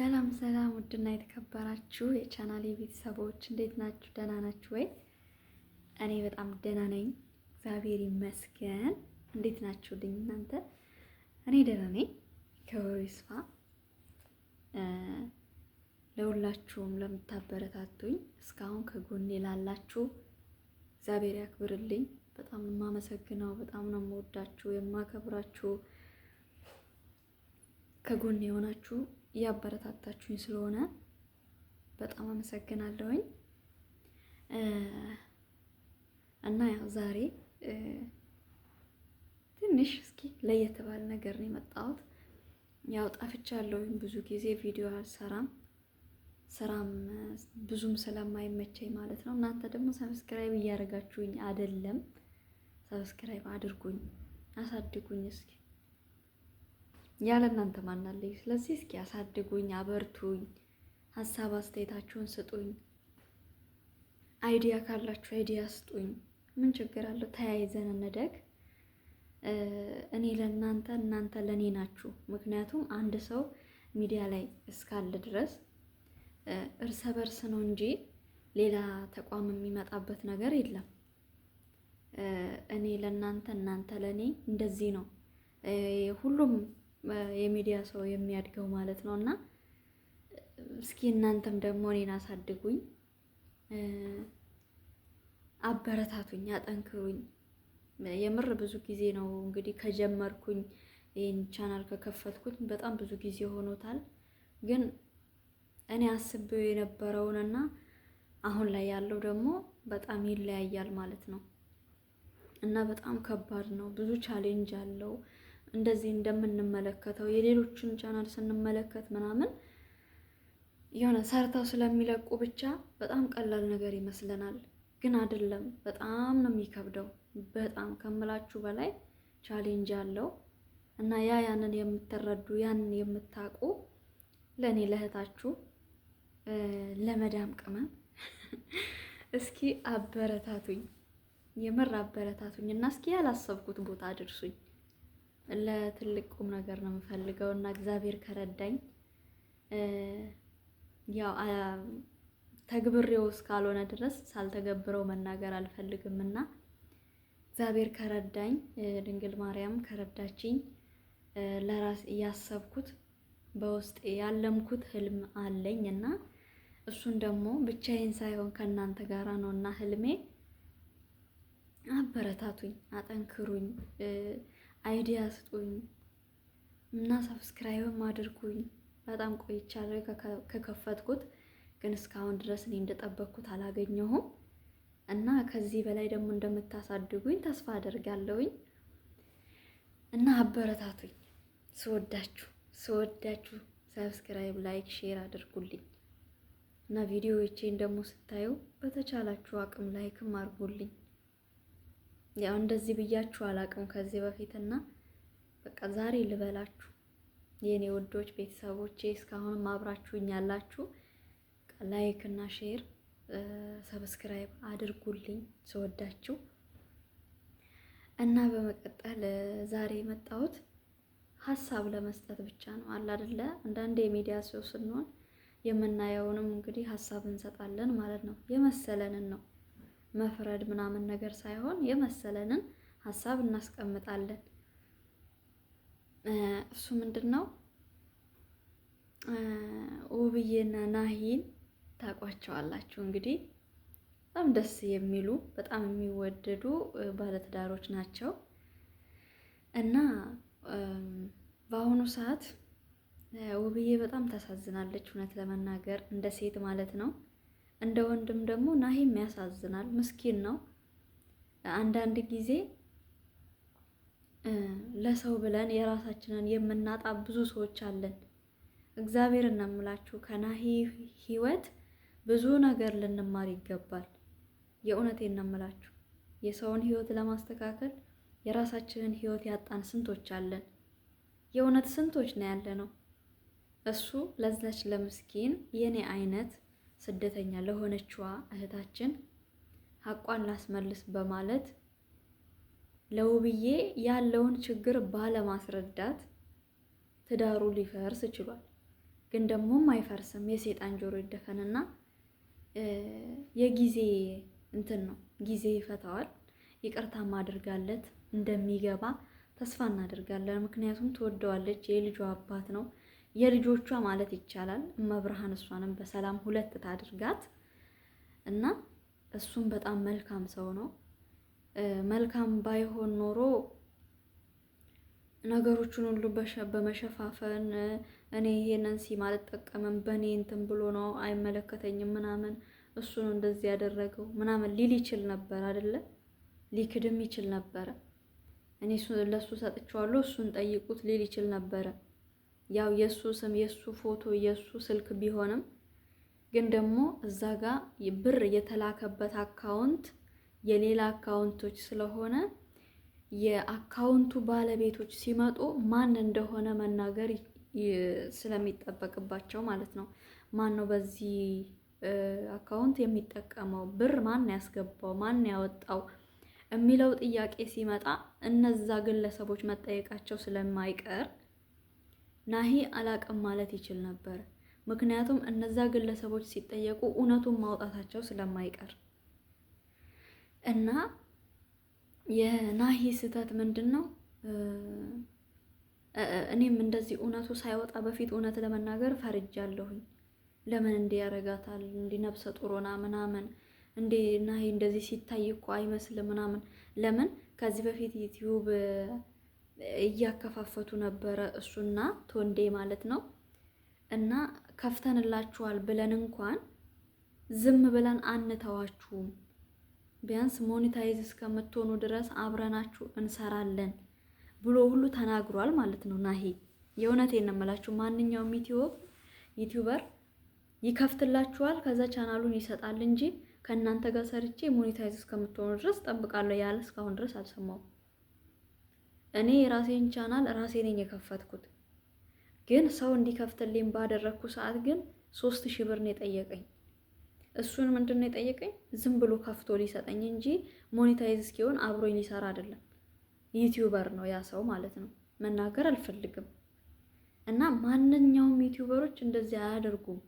ሰላም ሰላም፣ ውድና የተከበራችሁ የቻናሌ ቤተሰቦች እንዴት ናችሁ? ደህና ናችሁ ወይ? እኔ በጣም ደህና ነኝ፣ እግዚአብሔር ይመስገን። እንዴት ናችሁልኝ እናንተ? እኔ ደህና ነኝ፣ ክብሩ ይስፋ። ለሁላችሁም ለምታበረታቱኝ፣ እስካሁን ከጎኔ ላላችሁ እግዚአብሔር ያክብርልኝ። በጣም ነው የማመሰግነው፣ በጣም ነው የምወዳችሁ የማከብራችሁ ከጎን የሆናችሁ እያበረታታችሁኝ ስለሆነ በጣም አመሰግናለሁኝ። እና ያው ዛሬ ትንሽ እስኪ ለየት ባለ ነገር ነው የመጣሁት። ያው ጠፍቻለሁኝ ብዙ ጊዜ ቪዲዮ አልሰራም፣ ስራም ብዙም ስለማይመቸኝ ማለት ነው። እናንተ ደግሞ ሰብስክራይብ እያደረጋችሁኝ አይደለም፣ ሰብስክራይብ አድርጉኝ፣ አሳድጉኝ እስኪ ያለ እናንተ ማናለኝ። ስለዚህ እስኪ ያሳድጉኝ፣ አበርቱኝ፣ ሀሳብ አስተያየታችሁን ስጡኝ። አይዲያ ካላችሁ አይዲያ ስጡኝ። ምን ችግር አለው? ተያይዘን እንደግ። እኔ ለእናንተ እናንተ ለእኔ ናችሁ። ምክንያቱም አንድ ሰው ሚዲያ ላይ እስካለ ድረስ እርሰ በርስ ነው እንጂ ሌላ ተቋም የሚመጣበት ነገር የለም። እኔ ለእናንተ እናንተ ለእኔ እንደዚህ ነው ሁሉም የሚዲያ ሰው የሚያድገው ማለት ነው። እና እስኪ እናንተም ደግሞ እኔን አሳድጉኝ፣ አበረታቱኝ፣ አጠንክሩኝ። የምር ብዙ ጊዜ ነው እንግዲህ ከጀመርኩኝ ይህን ቻናል ከከፈትኩት በጣም ብዙ ጊዜ ሆኖታል። ግን እኔ አስቤው እና አሁን ላይ ያለው ደግሞ በጣም ይለያያል ማለት ነው እና በጣም ከባድ ነው። ብዙ ቻሌንጅ አለው። እንደዚህ እንደምንመለከተው የሌሎችን ቻናል ስንመለከት ምናምን የሆነ ሰርተው ስለሚለቁ ብቻ በጣም ቀላል ነገር ይመስለናል፣ ግን አይደለም። በጣም ነው የሚከብደው። በጣም ከምላችሁ በላይ ቻሌንጅ አለው እና ያ ያንን የምትረዱ ያንን የምታውቁ ለእኔ ለእህታችሁ ለመዳም ቅመም እስኪ አበረታቱኝ፣ የምር አበረታቱኝ እና እስኪ ያላሰብኩት ቦታ አድርሱኝ። ለትልቅ ቁም ነገር ነው የምፈልገው እና እግዚአብሔር ከረዳኝ ያው ተግብሬው እስካልሆነ ድረስ ሳልተገብረው መናገር አልፈልግም እና እግዚአብሔር ከረዳኝ ድንግል ማርያም ከረዳችኝ ለራስ እያሰብኩት በውስጥ ያለምኩት ህልም አለኝ እና እሱን ደግሞ ብቻዬን ሳይሆን ከእናንተ ጋር ነው እና ህልሜ አበረታቱኝ፣ አጠንክሩኝ አይዲያ ስጡኝ እና ሰብስክራይብም አድርጉኝ። በጣም ቆይቻለሁ ከከፈትኩት፣ ግን እስካሁን ድረስ እኔ እንደጠበቅኩት አላገኘሁም እና ከዚህ በላይ ደግሞ እንደምታሳድጉኝ ተስፋ አደርጋለሁኝ እና አበረታቱኝ። ስወዳችሁ ስወዳችሁ ሰብስክራይብ፣ ላይክ፣ ሼር አድርጉልኝ እና ቪዲዮዎቼን ደግሞ ስታዩ በተቻላችሁ አቅም ላይክም አድርጉልኝ። ያው እንደዚህ ብያችሁ አላቅም ከዚህ በፊትና በቃ ዛሬ ልበላችሁ የኔ ውዶች ቤተሰቦቼ፣ እስካሁንም አብራችሁኝ ያላችሁ ላይክ እና ሼር ሰብስክራይብ አድርጉልኝ ስወዳችሁ። እና በመቀጠል ዛሬ የመጣሁት ሀሳብ ለመስጠት ብቻ ነው። አለ አይደለ አንዳንድ የሚዲያ ሰው ስንሆን የምናየውንም እንግዲህ ሀሳብ እንሰጣለን ማለት ነው የመሰለንን ነው መፍረድ ምናምን ነገር ሳይሆን የመሰለንን ሀሳብ እናስቀምጣለን። እሱ ምንድን ነው ውብዬና ናሂን ታውቋቸዋላችሁ እንግዲህ በጣም ደስ የሚሉ በጣም የሚወደዱ ባለትዳሮች ናቸው እና በአሁኑ ሰዓት ውብዬ በጣም ታሳዝናለች፣ እውነት ለመናገር እንደ ሴት ማለት ነው። እንደ ወንድም ደግሞ ናሂም ያሳዝናል፣ ምስኪን ነው። አንዳንድ ጊዜ ለሰው ብለን የራሳችንን የምናጣ ብዙ ሰዎች አለን። እግዚአብሔር እናምላችሁ ከናሂ ህይወት ብዙ ነገር ልንማር ይገባል። የእውነት እናምላችሁ የሰውን ህይወት ለማስተካከል የራሳችንን ህይወት ያጣን ስንቶች አለን። የእውነት ስንቶች ነው ያለ ነው። እሱ ለዛች ለምስኪን የኔ አይነት ስደተኛ ለሆነችዋ እህታችን ሀቋን ላስመልስ በማለት ለውብዬ ያለውን ችግር ባለማስረዳት ትዳሩ ሊፈርስ ችሏል። ግን ደግሞም አይፈርስም። የሴጣን ጆሮ ይደፈንና የጊዜ እንትን ነው፣ ጊዜ ይፈታዋል። ይቅርታ ማድርጋለት እንደሚገባ ተስፋ እናደርጋለን። ምክንያቱም ትወደዋለች፣ የልጇ አባት ነው። የልጆቿ ማለት ይቻላል። መብርሃን እሷንም በሰላም ሁለት ታድርጋት እና እሱም በጣም መልካም ሰው ነው። መልካም ባይሆን ኖሮ ነገሮቹን ሁሉ በመሸፋፈን እኔ ይሄንን ሲም አልጠቀምም በእኔ እንትን ብሎ ነው አይመለከተኝም ምናምን እሱ ነው እንደዚህ ያደረገው ምናምን ሊል ይችል ነበር አይደለ? ሊክድም ይችል ነበረ። እኔ ለእሱ ሰጥቼዋለሁ እሱን ጠይቁት ሊል ይችል ነበረ። ያው የእሱ ስም የእሱ ፎቶ የእሱ ስልክ ቢሆንም ግን ደግሞ እዛ ጋር ብር የተላከበት አካውንት የሌላ አካውንቶች ስለሆነ የአካውንቱ ባለቤቶች ሲመጡ ማን እንደሆነ መናገር ስለሚጠበቅባቸው ማለት ነው። ማን ነው በዚህ አካውንት የሚጠቀመው ብር ማን ያስገባው ማን ያወጣው የሚለው ጥያቄ ሲመጣ እነዛ ግለሰቦች መጠየቃቸው ስለማይቀር ናሂ አላቅም ማለት ይችል ነበር። ምክንያቱም እነዛ ግለሰቦች ሲጠየቁ እውነቱን ማውጣታቸው ስለማይቀር እና የናሂ ስህተት ምንድን ነው? እኔም እንደዚህ እውነቱ ሳይወጣ በፊት እውነት ለመናገር ፈርጃለሁኝ። ለምን እንዲህ ያረጋታል? እንዲህ ነብሰ ጡሮና ምናምን እንዴ ናሂ እንደዚህ ሲታይ እኮ አይመስልም ምናምን። ለምን ከዚህ በፊት ዩቲዩብ እያከፋፈቱ ነበረ እሱና ቶንዴ ማለት ነው። እና ከፍተንላችኋል ብለን እንኳን ዝም ብለን አንተዋችሁም። ቢያንስ ሞኔታይዝ እስከምትሆኑ ድረስ አብረናችሁ እንሰራለን ብሎ ሁሉ ተናግሯል ማለት ነው። ናሂ የእውነቴን ነው የምላችሁ። ማንኛውም ዩቲዩብ ዩቲዩበር ይከፍትላችኋል ከዛ ቻናሉን ይሰጣል እንጂ ከእናንተ ጋር ሰርቼ ሞኔታይዝ እስከምትሆኑ ድረስ ጠብቃለሁ ያለ እስካሁን ድረስ አልሰማሁም። እኔ የራሴን ቻናል ራሴ ነኝ የከፈትኩት። ግን ሰው እንዲከፍትልኝ ባደረግኩ ሰዓት ግን ሶስት ሺህ ብር ነው የጠየቀኝ። እሱን ምንድን ነው የጠየቀኝ? ዝም ብሎ ከፍቶ ሊሰጠኝ እንጂ ሞኔታይዝ እስኪሆን አብሮኝ ሊሰራ አይደለም። ዩቲዩበር ነው ያ ሰው ማለት ነው። መናገር አልፈልግም። እና ማንኛውም ዩቲዩበሮች እንደዚህ አያደርጉም።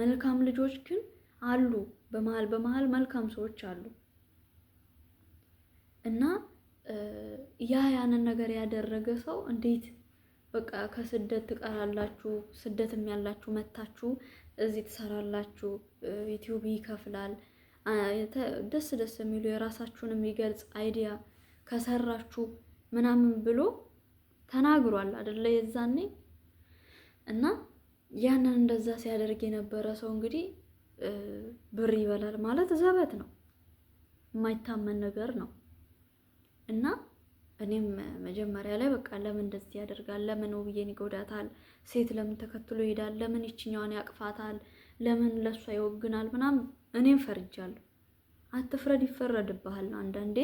መልካም ልጆች ግን አሉ፣ በመሀል በመሀል መልካም ሰዎች አሉ እና ያ ያንን ነገር ያደረገ ሰው እንዴት በቃ ከስደት ትቀራላችሁ፣ ስደትም ያላችሁ መታችሁ እዚህ ትሰራላችሁ፣ ዩቲዩብ ይከፍላል። ደስ ደስ የሚሉ የራሳችሁን የሚገልጽ አይዲያ ከሰራችሁ ምናምን ብሎ ተናግሯል አደለ የዛኔ እና ያንን እንደዛ ሲያደርግ የነበረ ሰው እንግዲህ ብር ይበላል ማለት ዘበት ነው፣ የማይታመን ነገር ነው። እና እኔም መጀመሪያ ላይ በቃ ለምን እንደዚህ ያደርጋል? ለምን ውብዬን ይጎዳታል? ሴት ለምን ተከትሎ ይሄዳል? ለምን ይችኛዋን ያቅፋታል? ለምን ለሷ ይወግናል? ምናምን እኔም ፈርጃለሁ። አትፍረድ ይፈረድብሃል። አንዳንዴ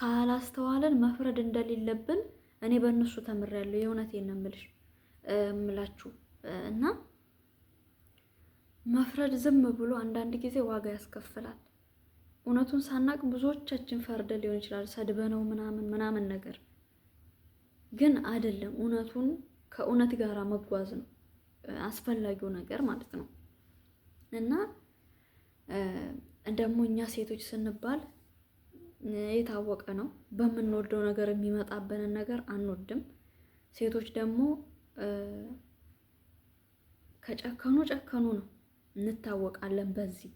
ካላስተዋለን መፍረድ እንደሌለብን እኔ በእነሱ ተምሬያለሁ። የእውነቴን ነው የምልሽ እና መፍረድ ዝም ብሎ አንዳንድ ጊዜ ዋጋ ያስከፍላል። እውነቱን ሳናቅ ብዙዎቻችን ፈርደ ሊሆን ይችላል ሰድበነው ምናምን ምናምን ነገር ግን አይደለም። እውነቱን ከእውነት ጋር መጓዝ ነው አስፈላጊው ነገር ማለት ነው። እና ደግሞ እኛ ሴቶች ስንባል የታወቀ ነው በምንወደው ነገር የሚመጣብንን ነገር አንወድም። ሴቶች ደግሞ ከጨከኑ ጨከኑ ነው እንታወቃለን በዚህ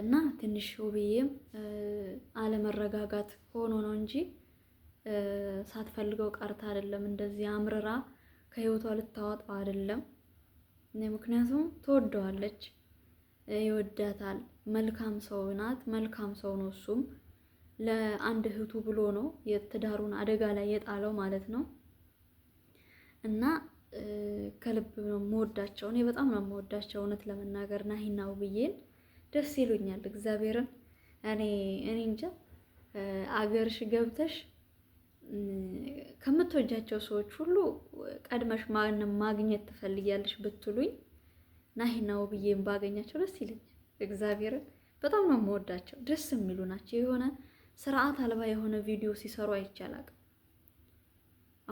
እና ትንሽ ውብዬም አለመረጋጋት ሆኖ ነው እንጂ ሳትፈልገው ቀርታ አይደለም። እንደዚህ አምርራ ከህይወቷ ልታወጣው አይደለም። ምክንያቱም ትወደዋለች፣ ይወዳታል። መልካም ሰው ናት፣ መልካም ሰው ነው። እሱም ለአንድ እህቱ ብሎ ነው የትዳሩን አደጋ ላይ የጣለው ማለት ነው። እና ከልብ ነው የምወዳቸው፣ እኔ በጣም ነው የምወዳቸው እውነት ለመናገር ናሂና ውብዬን ደስ ይሉኛል። እግዚአብሔርን እኔ እኔ እንጃ አገርሽ ገብተሽ ከምትወጃቸው ሰዎች ሁሉ ቀድመሽ ማንም ማግኘት ትፈልጊያለሽ ብትሉኝ ናሂና ውብዬን ባገኛቸው ደስ ይለኛል። እግዚአብሔርን በጣም ነው የምወዳቸው፣ ደስ የሚሉ ናቸው። የሆነ ስርዓት አልባ የሆነ ቪዲዮ ሲሰሩ አይቻላል።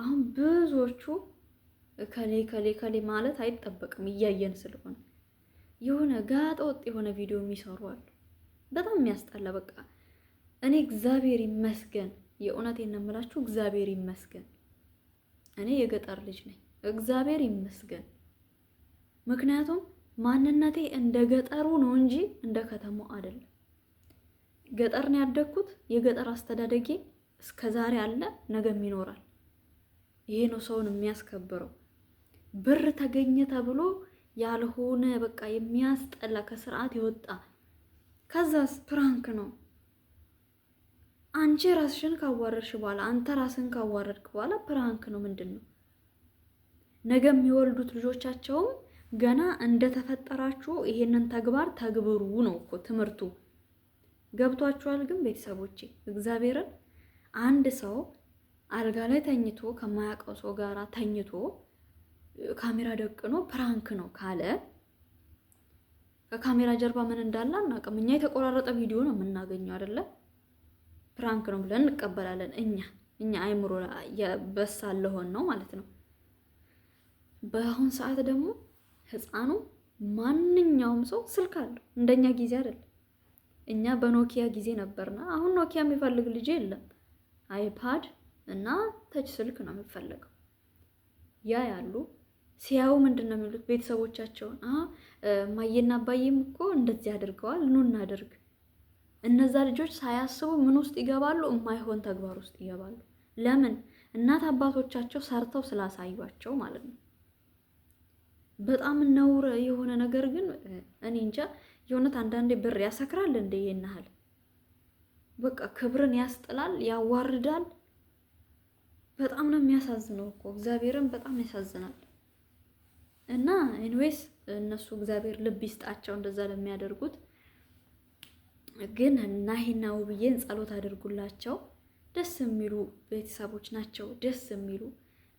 አሁን ብዙዎቹ ከሌ ከሌ ከሌ ማለት አይጠበቅም እያየን ስለሆነ የሆነ ጋጠ ወጥ የሆነ ቪዲዮ የሚሰሩ አሉ። በጣም የሚያስጠላ በቃ እኔ እግዚአብሔር ይመስገን የእውነት የነምላችሁ እግዚአብሔር ይመስገን እኔ የገጠር ልጅ ነኝ። እግዚአብሔር ይመስገን ምክንያቱም ማንነቴ እንደ ገጠሩ ነው እንጂ እንደ ከተማው አይደለም። ገጠር ነው ያደግኩት። የገጠር አስተዳደጌ እስከ ዛሬ አለ፣ ነገም ይኖራል። ይሄ ነው ሰውን የሚያስከብረው። ብር ተገኘ ተብሎ ያልሆነ በቃ የሚያስጠላ ከስርዓት የወጣ ከዛስ ፕራንክ ነው። አንቺ ራስሽን ካዋረድሽ በኋላ አንተ ራስን ካዋረድክ በኋላ ፕራንክ ነው ምንድን ነው? ነገ የሚወልዱት ልጆቻቸውም ገና እንደተፈጠራችሁ ይሄንን ተግባር ተግብሩ ነው እኮ ትምህርቱ። ገብቷችኋል? ግን ቤተሰቦቼ እግዚአብሔርን አንድ ሰው አልጋ ላይ ተኝቶ ከማያውቀው ሰው ጋራ ተኝቶ ካሜራ ደቅኖ ፕራንክ ነው ካለ ከካሜራ ጀርባ ምን እንዳለ አናውቅም። እኛ የተቆራረጠ ቪዲዮ ነው የምናገኘው አይደለ? ፕራንክ ነው ብለን እንቀበላለን። እኛ እኛ አይምሮ የበሳ ለሆን ነው ማለት ነው። በአሁን ሰዓት ደግሞ ህፃኑ ማንኛውም ሰው ስልክ አለው። እንደኛ ጊዜ አይደለም። እኛ በኖኪያ ጊዜ ነበርና፣ አሁን ኖኪያ የሚፈልግ ልጅ የለም። አይፓድ እና ተች ስልክ ነው የሚፈለገው። ያ ያሉ ሲያዩ ምንድን ነው የሚሉት? ቤተሰቦቻቸውን ማየና አባዬም እኮ እንደዚህ አድርገዋል፣ ኑ እናድርግ። እነዛ ልጆች ሳያስቡ ምን ውስጥ ይገባሉ? የማይሆን ተግባር ውስጥ ይገባሉ። ለምን? እናት አባቶቻቸው ሰርተው ስላሳዩቸው ማለት ነው። በጣም ነውር የሆነ ነገር ግን እኔ እንጃ የእውነት አንዳንዴ ብር ያሰክራል እንደ ይናሃል በቃ ክብርን ያስጥላል፣ ያዋርዳል። በጣም ነው የሚያሳዝነው እኮ እግዚአብሔርን በጣም ያሳዝናል። እና ኤኒዌይስ እነሱ እግዚአብሔር ልብ ይስጣቸው እንደዛ ለሚያደርጉት። ግን ናሂና ውብዬን ጸሎት አድርጉላቸው። ደስ የሚሉ ቤተሰቦች ናቸው። ደስ የሚሉ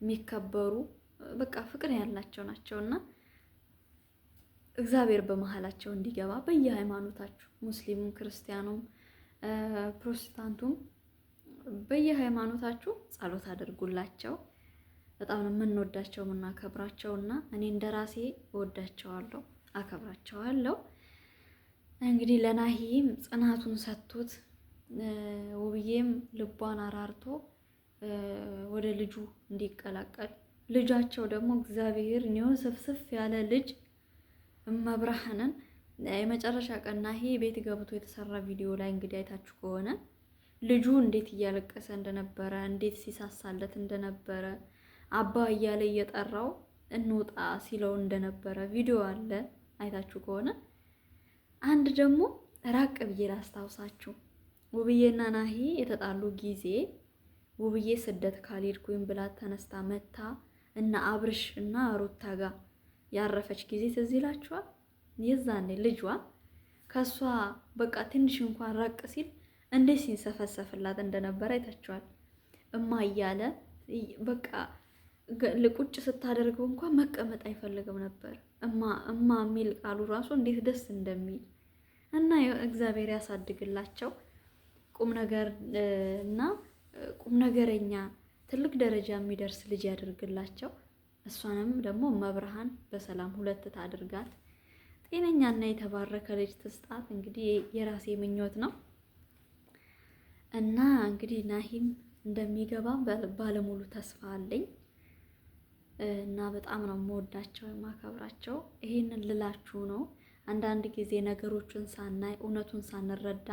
የሚከበሩ በቃ ፍቅር ያላቸው ናቸው እና እግዚአብሔር በመሀላቸው እንዲገባ በየሃይማኖታችሁ ሙስሊሙም፣ ክርስቲያኑም፣ ፕሮቴስታንቱም በየሃይማኖታችሁ ጸሎት አድርጉላቸው። በጣም ነው የምንወዳቸው የምናከብራቸው እና እኔ እንደ ራሴ እወዳቸዋለሁ አከብራቸዋለሁ። እንግዲህ ለናሂም ጽናቱን ሰጥቶት ውብዬም ልቧን አራርቶ ወደ ልጁ እንዲቀላቀል ልጃቸው ደግሞ እግዚአብሔር ኒውን ስፍስፍ ያለ ልጅ እመብርሃንን የመጨረሻ ቀን ናሂ ቤት ገብቶ የተሰራ ቪዲዮ ላይ እንግዲህ አይታችሁ ከሆነ ልጁ እንዴት እያለቀሰ እንደነበረ እንዴት ሲሳሳለት እንደነበረ አባ እያለ እየጠራው እንውጣ ሲለው እንደነበረ ቪዲዮ አለ አይታችሁ ከሆነ። አንድ ደግሞ ራቅ ብዬ ላስታውሳችሁ፣ ውብዬና ናሂ የተጣሉ ጊዜ ውብዬ ስደት ካልሄድኩኝ ብላ ተነስታ መታ እና አብርሽ እና ሩታ ጋር ያረፈች ጊዜ ትዝ ይላችኋል? የዛኔ ልጇ ከእሷ በቃ ትንሽ እንኳን ራቅ ሲል እንዴት ሲንሰፈሰፍላት እንደነበረ አይታችኋል። እማ እያለ በቃ ልቁጭ ስታደርገው እንኳን መቀመጥ አይፈልግም ነበር። እማ እማ የሚል ቃሉ ራሱ እንዴት ደስ እንደሚል እና እግዚአብሔር ያሳድግላቸው ቁም ነገር እና ቁም ነገረኛ ትልቅ ደረጃ የሚደርስ ልጅ ያደርግላቸው። እሷንም ደግሞ መብርሃን በሰላም ሁለት ታድርጋት። ጤነኛና የተባረከ ልጅ ትስጣት። እንግዲህ የራሴ ምኞት ነው እና እንግዲህ ናሂም እንደሚገባ ባለሙሉ ተስፋ አለኝ። እና በጣም ነው የምወዳቸው የማከብራቸው። ይሄንን ልላችሁ ነው። አንዳንድ ጊዜ ነገሮችን ሳናይ እውነቱን ሳንረዳ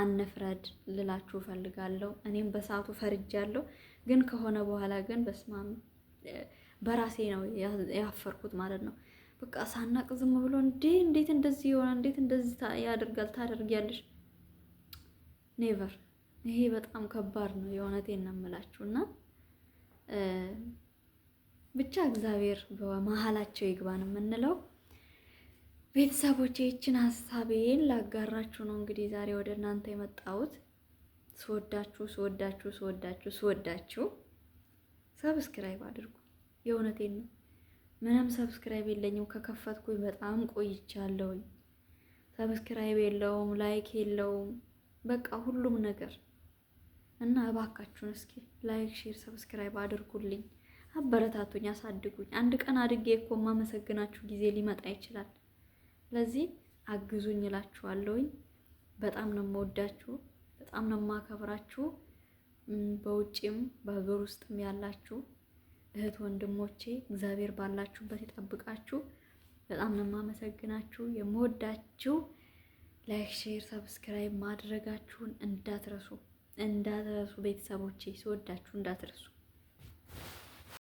አንፍረድ ልላችሁ ፈልጋለሁ። እኔም በሰዓቱ ፈርጃለሁ፣ ግን ከሆነ በኋላ ግን በስማም በራሴ ነው ያፈርኩት ማለት ነው። በቃ ሳናቅ ዝም ብሎ እንዴ እንዴት እንደዚህ ይሆናል፣ እንዴት እንደዚህ ያደርጋል፣ ታደርጊያለሽ ኔቨር። ይሄ በጣም ከባድ ነው፣ የእውነቴን ነው የምላችሁ እና ብቻ እግዚአብሔር በመሀላቸው ይግባ ነው የምንለው። ቤተሰቦች ይችን ሀሳቤን ላጋራችሁ ነው እንግዲህ ዛሬ ወደ እናንተ የመጣሁት። ስወዳችሁ ስወዳችሁ ስወዳችሁ ስወዳችሁ ሰብስክራይብ አድርጉ። የእውነቴን ነው። ምንም ሰብስክራይብ የለኝም ከከፈትኩኝ በጣም ቆይቻለሁኝ። ሰብስክራይብ የለውም፣ ላይክ የለውም፣ በቃ ሁሉም ነገር እና እባካችሁን እስኪ ላይክ፣ ሼር፣ ሰብስክራይብ አድርጉልኝ። አበረታቱኝ፣ አሳድጉኝ። አንድ ቀን አድጌ እኮ ማመሰግናችሁ ጊዜ ሊመጣ ይችላል። ስለዚህ አግዙኝ እላችኋለሁኝ። በጣም ነው የምወዳችሁ፣ በጣም ነው የማከብራችሁ። በውጭም በሀገር ውስጥም ያላችሁ እህት ወንድሞቼ እግዚአብሔር ባላችሁበት ይጠብቃችሁ። በጣም ነው የማመሰግናችሁ፣ የምወዳችሁ። ላይክ፣ ሼር፣ ሰብስክራይብ ማድረጋችሁን እንዳትረሱ እንዳትረሱ ቤተሰቦቼ፣ ሲወዳችሁ እንዳትረሱ።